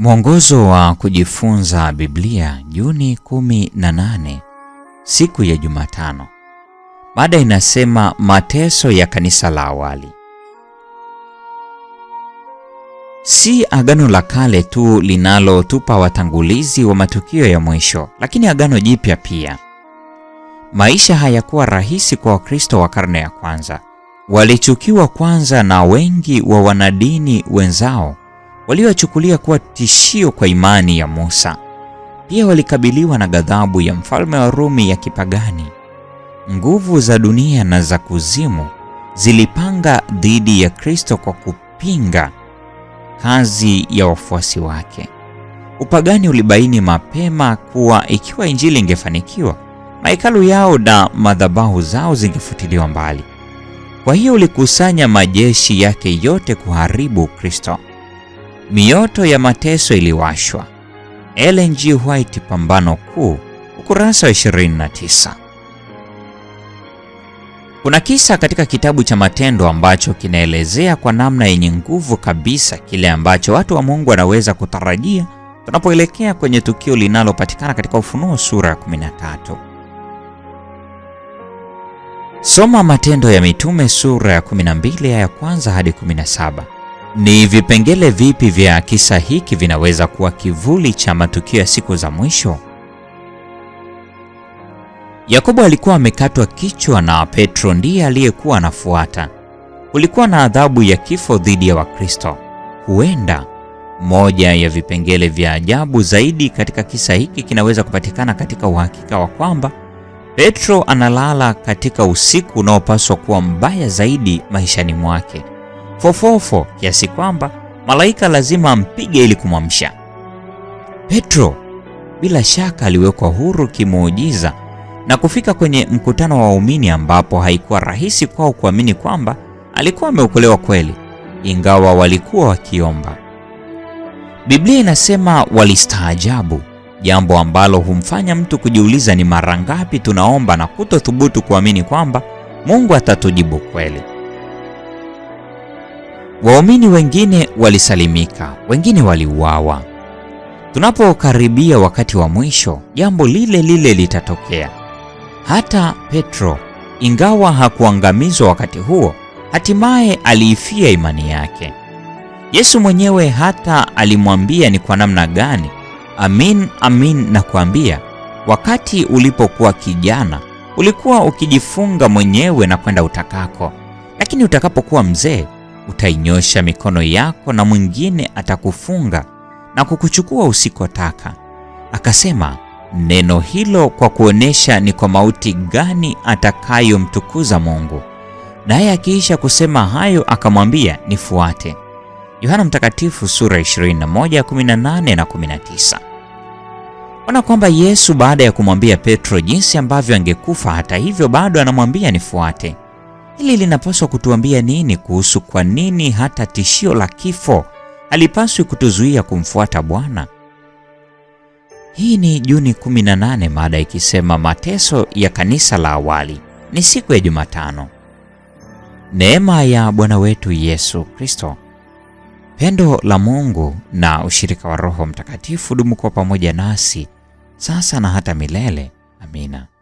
Mwongozo wa kujifunza Biblia Juni 18, siku ya Jumatano. Mada inasema mateso ya kanisa la awali. Si Agano la Kale tu linalotupa watangulizi wa matukio ya mwisho, lakini Agano Jipya pia. Maisha hayakuwa rahisi kwa Wakristo wa karne ya kwanza. Walichukiwa kwanza na wengi wa wanadini wenzao waliowachukulia kuwa tishio kwa imani ya Musa. Pia walikabiliwa na ghadhabu ya mfalme wa Rumi ya kipagani. Nguvu za dunia na za kuzimu zilipanga dhidi ya Kristo kwa kupinga kazi ya wafuasi wake. Upagani ulibaini mapema kuwa ikiwa injili ingefanikiwa, mahekalu yao na madhabahu zao zingefutiliwa mbali. Kwa hiyo ulikusanya majeshi yake yote kuharibu Kristo. Mioto ya mateso iliwashwa. Ellen G. White, Pambano Kuu, ukurasa wa 29. Kuna kisa katika kitabu cha Matendo ambacho kinaelezea kwa namna yenye nguvu kabisa kile ambacho watu wa Mungu wanaweza kutarajia tunapoelekea kwenye tukio linalopatikana katika Ufunuo sura ya 13. Soma Matendo ya Mitume sura ya 12 aya ya kwanza hadi 17. Ni vipengele vipi vya kisa hiki vinaweza kuwa kivuli cha matukio ya siku za mwisho? Yakobo alikuwa amekatwa kichwa na Petro ndiye aliyekuwa anafuata. Kulikuwa na adhabu ya kifo dhidi ya Wakristo. Huenda moja ya vipengele vya ajabu zaidi katika kisa hiki kinaweza kupatikana katika uhakika wa kwamba Petro analala katika usiku unaopaswa kuwa mbaya zaidi maishani mwake fofofo kiasi kwamba malaika lazima ampige ili kumwamsha. Petro bila shaka aliwekwa huru kimuujiza na kufika kwenye mkutano wa waumini ambapo haikuwa rahisi kwao kuamini kwamba alikuwa ameokolewa kweli, ingawa walikuwa wakiomba. Biblia inasema walistaajabu, jambo ambalo humfanya mtu kujiuliza ni mara ngapi tunaomba na kutothubutu kuamini kwamba Mungu atatujibu kweli. Waumini wengine walisalimika, wengine waliuawa. Tunapokaribia wakati wa mwisho, jambo lile lile litatokea. Hata Petro, ingawa hakuangamizwa wakati huo, hatimaye aliifia imani yake. Yesu mwenyewe hata alimwambia ni kwa namna gani, amin amin kuambia wakati ulipokuwa kijana ulikuwa ukijifunga mwenyewe na kwenda utakako, lakini utakapokuwa mzee utainyosha mikono yako na mwingine atakufunga na kukuchukua usikotaka taka. Akasema neno hilo kwa kuonesha ni kwa mauti gani atakayomtukuza Mungu. Naye akiisha kusema hayo akamwambia, nifuate. Yohana Mtakatifu sura 21, 18 na 19. Ona kwamba Yesu baada ya kumwambia Petro jinsi ambavyo angekufa, hata hivyo bado anamwambia nifuate. Hili linapaswa kutuambia nini kuhusu kwa nini hata tishio la kifo halipaswi kutuzuia kumfuata Bwana? Hii ni Juni 18, mada ikisema mateso ya kanisa la awali. Ni siku ya Jumatano. Neema ya Bwana wetu Yesu Kristo, pendo la Mungu na ushirika wa Roho Mtakatifu dumu kwa pamoja nasi sasa na hata milele. Amina.